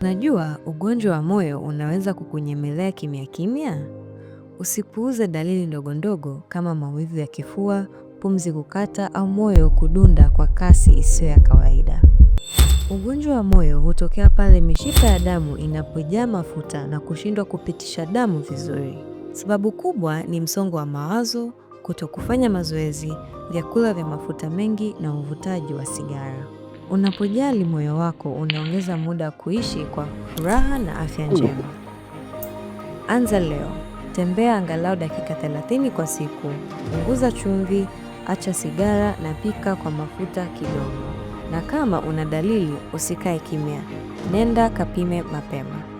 Unajua ugonjwa wa moyo unaweza kukunyemelea kimya kimya. Usipuuze dalili ndogo ndogo kama maumivu ya kifua, pumzi kukata au moyo kudunda kwa kasi isiyo ya kawaida. Ugonjwa wa moyo hutokea pale mishipa ya damu inapojaa mafuta na kushindwa kupitisha damu vizuri. Sababu kubwa ni msongo wa mawazo, kutokufanya mazoezi, vyakula vya mafuta mengi na uvutaji wa sigara. Unapojali moyo wako, unaongeza muda wa kuishi kwa furaha na afya njema. Anza leo, tembea angalau dakika 30 kwa siku, punguza chumvi, acha sigara na pika kwa mafuta kidogo. Na kama una dalili, usikae kimya, nenda kapime mapema.